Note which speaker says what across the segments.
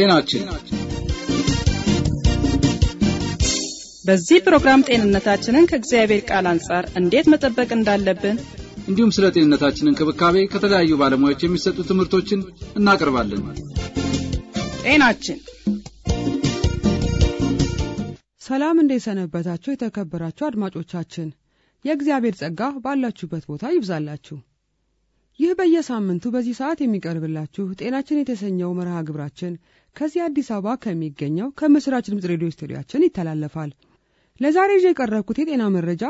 Speaker 1: ጤናችን በዚህ ፕሮግራም ጤንነታችንን ከእግዚአብሔር ቃል አንጻር እንዴት መጠበቅ እንዳለብን
Speaker 2: እንዲሁም ስለ ጤንነታችን እንክብካቤ ከተለያዩ ባለሙያዎች የሚሰጡ ትምህርቶችን እናቀርባለን።
Speaker 1: ጤናችን ሰላም፣ እንዴት ሰነበታችሁ? የተከበራችሁ አድማጮቻችን የእግዚአብሔር ጸጋ ባላችሁበት ቦታ ይብዛላችሁ። ይህ በየሳምንቱ በዚህ ሰዓት የሚቀርብላችሁ ጤናችን የተሰኘው መርሃ ግብራችን ከዚህ አዲስ አበባ ከሚገኘው ከምስራች ድምፅ ሬዲዮ ስቱዲያችን ይተላለፋል። ለዛሬ ይዤ የቀረብኩት የጤና መረጃ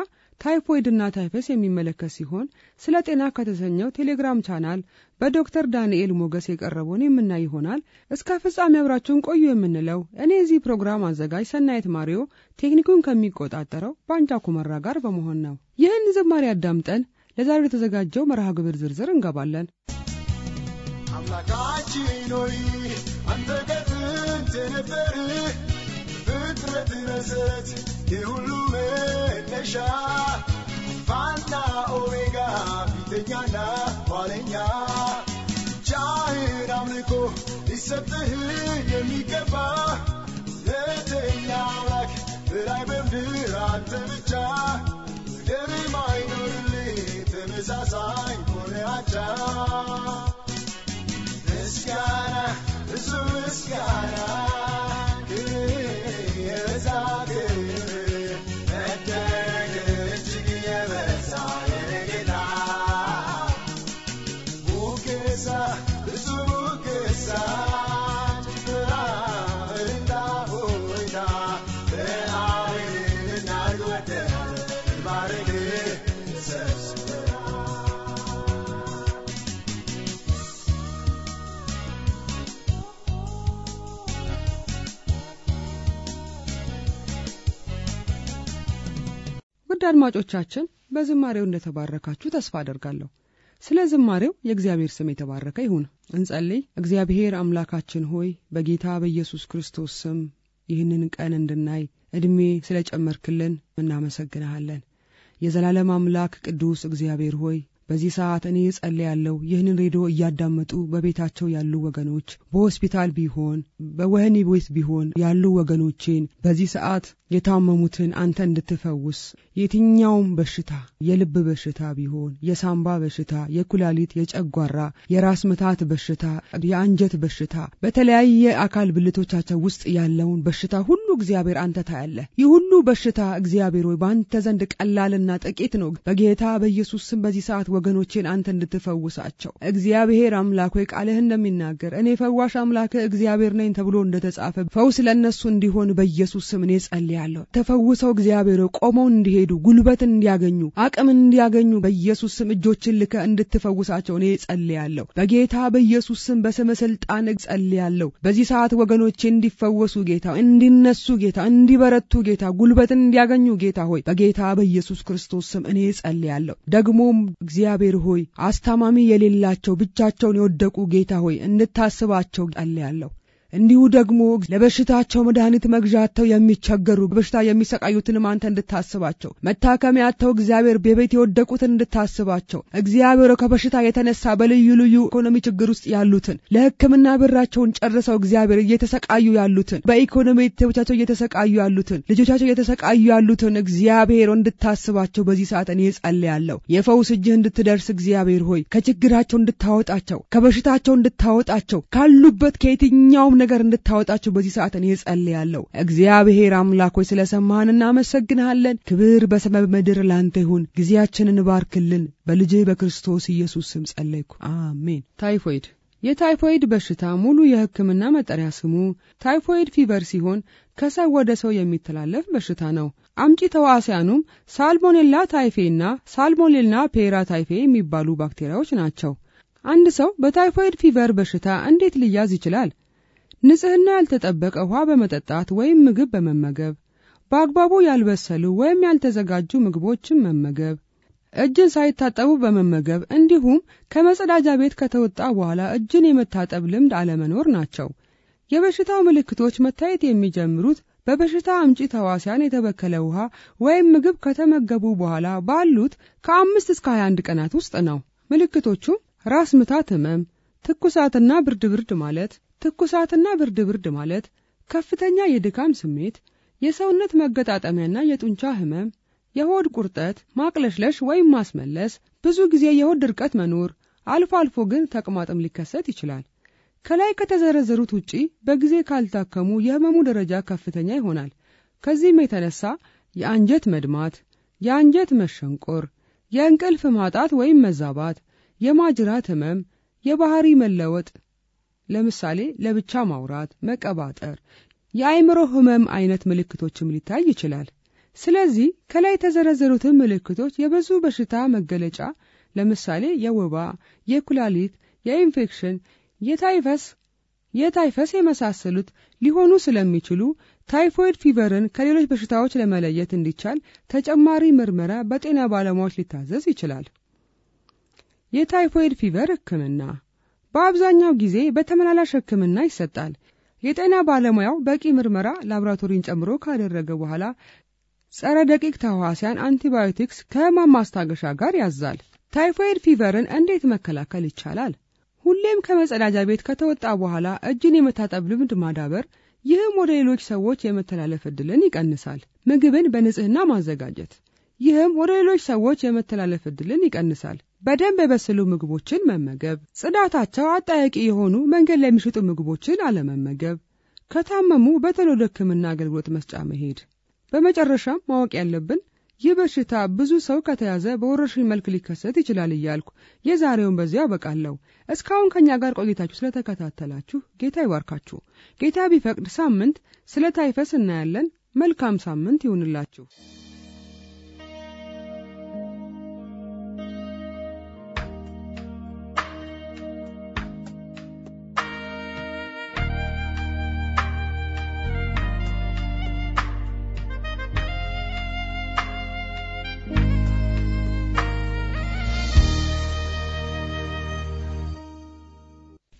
Speaker 1: ታይፎይድና ታይፈስ የሚመለከት ሲሆን ስለ ጤና ከተሰኘው ቴሌግራም ቻናል በዶክተር ዳንኤል ሞገስ የቀረበውን የምናይ ይሆናል። እስከ ፍጻሜ አብራችሁን ቆዩ የምንለው እኔ የዚህ ፕሮግራም አዘጋጅ ሰናየት ማሪዮ ቴክኒኩን ከሚቆጣጠረው ባንጃ ኩመራ ጋር በመሆን ነው። ይህን ዝማሬ አዳምጠን ለዛሬ የተዘጋጀው መርሃ ግብር ዝርዝር እንገባለን።
Speaker 2: አምላካችን ሆይ አንተ ከጥንት የነበርህ ፍጥረት መሰረት የሁሉ መነሻ አልፋና ኦሜጋ ፊተኛና ኋለኛ ቻህን አምልኮ ሊሰጥህ የሚገባ this is un guy.
Speaker 1: አድማጮቻችን በዝማሬው እንደተባረካችሁ ተስፋ አደርጋለሁ። ስለ ዝማሬው የእግዚአብሔር ስም የተባረከ ይሁን። እንጸልይ። እግዚአብሔር አምላካችን ሆይ በጌታ በኢየሱስ ክርስቶስ ስም ይህንን ቀን እንድናይ ዕድሜ ስለ ጨመርክልን እናመሰግንሃለን። የዘላለም አምላክ ቅዱስ እግዚአብሔር ሆይ በዚህ ሰዓት እኔ ያለው ይህንን ሬዲዮ እያዳመጡ በቤታቸው ያሉ ወገኖች፣ በሆስፒታል ቢሆን በወህኒ ቤት ቢሆን ያሉ ወገኖቼን በዚህ ሰዓት የታመሙትን አንተ እንድትፈውስ የትኛውም በሽታ የልብ በሽታ ቢሆን፣ የሳምባ በሽታ፣ የኩላሊት፣ የጨጓራ፣ የራስ ምታት በሽታ፣ የአንጀት በሽታ፣ በተለያየ አካል ብልቶቻቸው ውስጥ ያለውን በሽታ ሁሉ እግዚአብሔር አንተ ታያለህ። ይህ ሁሉ በሽታ እግዚአብሔር ሆይ በአንተ ዘንድ ቀላልና ጥቂት ነው። በጌታ በኢየሱስ ስም በዚህ ሰዓት ወገኖቼን አንተ እንድትፈውሳቸው እግዚአብሔር አምላክ ሆይ ቃልህ እንደሚናገር እኔ ፈዋሽ አምላክ እግዚአብሔር ነኝ ተብሎ እንደተጻፈ ፈውስ ለእነሱ እንዲሆን በኢየሱስ ስም እኔ ጸልያለሁ። ተፈውሰው እግዚአብሔር ቆመው እንዲሄዱ ጉልበት እንዲያገኙ አቅም እንዲያገኙ በኢየሱስ ስም እጆችን ልከ እንድትፈውሳቸው እኔ ጸልያለሁ። በጌታ በኢየሱስ ስም በስም ስልጣን ጸልያለሁ። በዚህ ሰዓት ወገኖቼ እንዲፈወሱ ጌታ እንዲነሱ ጌታ እንዲበረቱ ጌታ ጉልበት እንዲያገኙ ጌታ ሆይ በጌታ በኢየሱስ ክርስቶስ ስም እኔ ጸልያለሁ። ደግሞም እግዚአብሔር ሆይ አስታማሚ የሌላቸው ብቻቸውን የወደቁ ጌታ ሆይ እንድታስባቸው አለያለሁ። እንዲሁ ደግሞ ለበሽታቸው መድኃኒት መግዣ አጥተው የሚቸገሩ በሽታ የሚሰቃዩትንም አንተ እንድታስባቸው መታከሚያ አጥተው እግዚአብሔር በቤት የወደቁትን እንድታስባቸው እግዚአብሔር ከበሽታ የተነሳ በልዩ ልዩ ኢኮኖሚ ችግር ውስጥ ያሉትን ለሕክምና ብራቸውን ጨርሰው እግዚአብሔር እየተሰቃዩ ያሉትን በኢኮኖሚ ቤተሰቦቻቸው እየተሰቃዩ ያሉትን ልጆቻቸው እየተሰቃዩ ያሉትን እግዚአብሔር እንድታስባቸው በዚህ ሰዓት እኔ ጸልያለሁ። የፈውስ እጅህ እንድትደርስ እግዚአብሔር ሆይ ከችግራቸው እንድታወጣቸው ከበሽታቸው እንድታወጣቸው ካሉበት ከየትኛውም ነገር እንድታወጣቸው በዚህ ሰዓት እኔ ጸልያለሁ። እግዚአብሔር አምላክ ሆይ ስለሰማህን እናመሰግንሃለን። ክብር በሰማይ ምድር ላንተ ይሁን። ጊዜያችንን ባርክልን። በልጅ በክርስቶስ ኢየሱስ ስም ጸለይኩ፣ አሜን። ታይፎይድ የታይፎይድ በሽታ ሙሉ የሕክምና መጠሪያ ስሙ ታይፎይድ ፊቨር ሲሆን ከሰው ወደ ሰው የሚተላለፍ በሽታ ነው። አምጪ ተዋሲያኑም ሳልሞኔላ ታይፌና ሳልሞኔላ ፔራ ታይፌ የሚባሉ ባክቴሪያዎች ናቸው። አንድ ሰው በታይፎይድ ፊቨር በሽታ እንዴት ሊያዝ ይችላል? ንጽህና ያልተጠበቀ ውሃ በመጠጣት ወይም ምግብ በመመገብ በአግባቡ ያልበሰሉ ወይም ያልተዘጋጁ ምግቦችን መመገብ እጅን ሳይታጠቡ በመመገብ እንዲሁም ከመጸዳጃ ቤት ከተወጣ በኋላ እጅን የመታጠብ ልምድ አለመኖር ናቸው። የበሽታው ምልክቶች መታየት የሚጀምሩት በበሽታ አምጪ ተዋሲያን የተበከለ ውሃ ወይም ምግብ ከተመገቡ በኋላ ባሉት ከአምስት እስከ 21 ቀናት ውስጥ ነው። ምልክቶቹም ራስ ምታት ህመም፣ ትኩሳትና ብርድ ብርድ ማለት፣ ትኩሳትና ብርድ ብርድ ማለት ከፍተኛ የድካም ስሜት፣ የሰውነት መገጣጠሚያና የጡንቻ ህመም፣ የሆድ ቁርጠት፣ ማቅለሽለሽ ወይም ማስመለስ፣ ብዙ ጊዜ የሆድ ድርቀት መኖር፣ አልፎ አልፎ ግን ተቅማጥም ሊከሰት ይችላል። ከላይ ከተዘረዘሩት ውጪ በጊዜ ካልታከሙ የህመሙ ደረጃ ከፍተኛ ይሆናል። ከዚህም የተነሳ የአንጀት መድማት፣ የአንጀት መሸንቆር፣ የእንቅልፍ ማጣት ወይም መዛባት፣ የማጅራት ህመም፣ የባህሪ መለወጥ፣ ለምሳሌ ለብቻ ማውራት፣ መቀባጠር፣ የአእምሮ ህመም አይነት ምልክቶችም ሊታይ ይችላል። ስለዚህ ከላይ የተዘረዘሩትን ምልክቶች የብዙ በሽታ መገለጫ ለምሳሌ የወባ፣ የኩላሊት፣ የኢንፌክሽን፣ የታይፈስ የታይፈስ የመሳሰሉት ሊሆኑ ስለሚችሉ ታይፎይድ ፊቨርን ከሌሎች በሽታዎች ለመለየት እንዲቻል ተጨማሪ ምርመራ በጤና ባለሙያዎች ሊታዘዝ ይችላል። የታይፎይድ ፊቨር ሕክምና በአብዛኛው ጊዜ በተመላላሽ ሕክምና ይሰጣል። የጤና ባለሙያው በቂ ምርመራ ላብራቶሪን ጨምሮ ካደረገ በኋላ ጸረ ደቂቅ ተህዋሲያን አንቲባዮቲክስ ከህማም ማስታገሻ ጋር ያዛል። ታይፎይድ ፊቨርን እንዴት መከላከል ይቻላል? ሁሌም ከመጸዳጃ ቤት ከተወጣ በኋላ እጅን የመታጠብ ልምድ ማዳበር፣ ይህም ወደ ሌሎች ሰዎች የመተላለፍ ዕድልን ይቀንሳል። ምግብን በንጽህና ማዘጋጀት፣ ይህም ወደ ሌሎች ሰዎች የመተላለፍ ዕድልን ይቀንሳል። በደንብ የበሰሉ ምግቦችን መመገብ፣ ጽዳታቸው አጠያቂ የሆኑ መንገድ ላይ የሚሸጡ ምግቦችን አለመመገብ፣ ከታመሙ በተሎ ሕክምና አገልግሎት መስጫ መሄድ። በመጨረሻም ማወቅ ያለብን ይህ በሽታ ብዙ ሰው ከተያዘ በወረርሽኝ መልክ ሊከሰት ይችላል እያልኩ የዛሬውን በዚያ አበቃለሁ። እስካሁን ከእኛ ጋር ቆይታችሁ ስለተከታተላችሁ ጌታ ይባርካችሁ። ጌታ ቢፈቅድ ሳምንት ስለ ታይፈስ እናያለን። መልካም ሳምንት ይሁንላችሁ።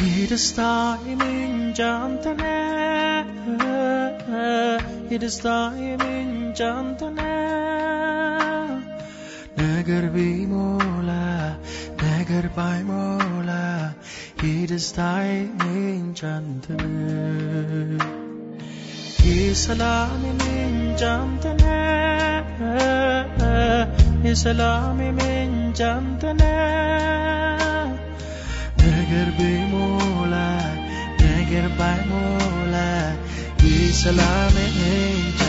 Speaker 1: It is time
Speaker 3: in
Speaker 2: Jantana.
Speaker 3: It is time in Jantana. Nagar Bimola, Nagar Paimola. It is time in Jantana. የሰላም ምንጫንተነ የሰላም ምንጫንተነ ነገር ብ Islam and eh, angels. Eh.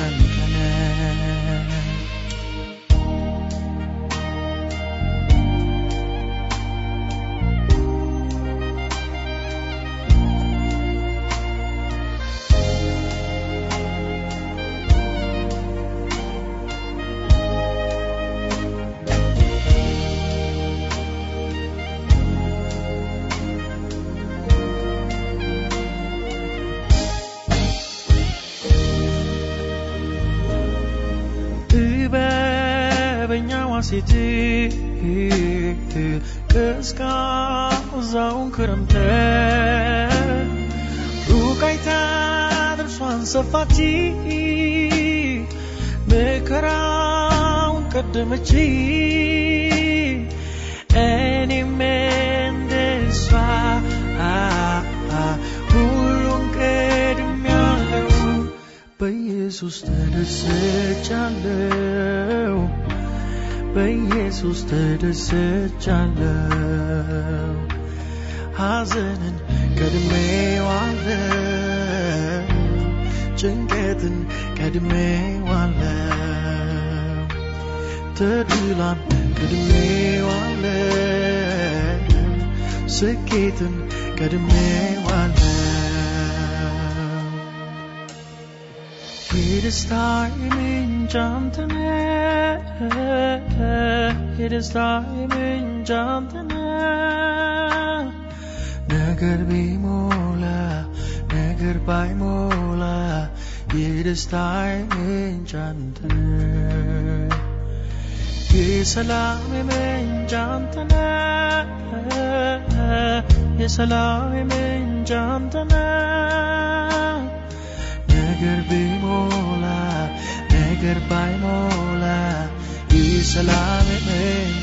Speaker 2: ስትይ እስካዛውን ክረምተ
Speaker 3: ሩቃይታ ጥርሷን ሰፋች መከራውን ቀደመች እኔም እንደሷ ሁሉን ቀድሜያለሁ በኢየሱስ ተደስቻለሁ በኢየሱስ ተደስቻለሁ። ሐዘንን ቀድሜዋለሁ፣ ጭንቀትን ቀድሜዋለሁ፣ ተድላን ቀድሜዋለሁ፣ ስኬትን It is in jumping It is in jumping Nagar be mola, nagar by mola. It is timing, jumping ये सलाम में जानता ना ये सलाम में जानता ना neger bimola neger baimola isalame me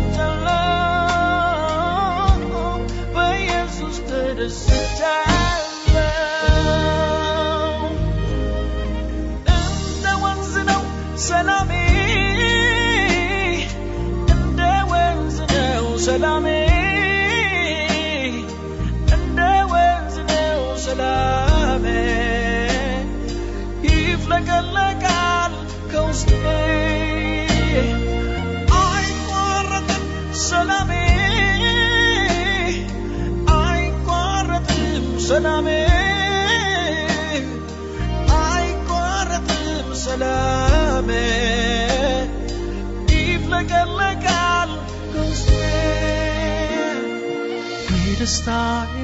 Speaker 2: ሰላሜ አይቋረጥም ሰላሜ ይፍለቀለቃል ውስጤ
Speaker 3: የደስታዬ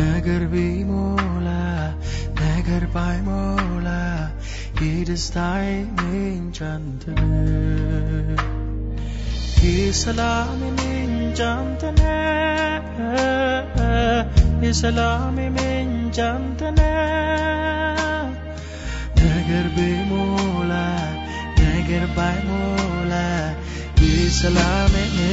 Speaker 3: ነገር ቢሞላ گر پای مولا یه دستای من چندنه یه سلام من چندنه یه سلام من چندنه نگر بی مولا نگر پای مولا یه سلام من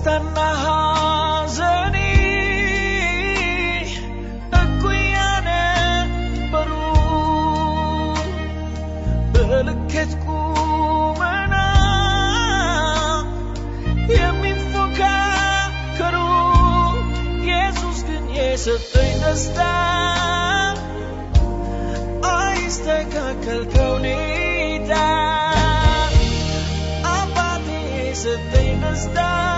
Speaker 2: ደስታና ሐዘኔ እኩያነ በሩ በልኬት ቁመና የሚፎካከሩ ኢየሱስ ግን የሰጠኝ ደስታ አይስተካከል ከሁኔታ አባቴ የሰጠኝ ደስታ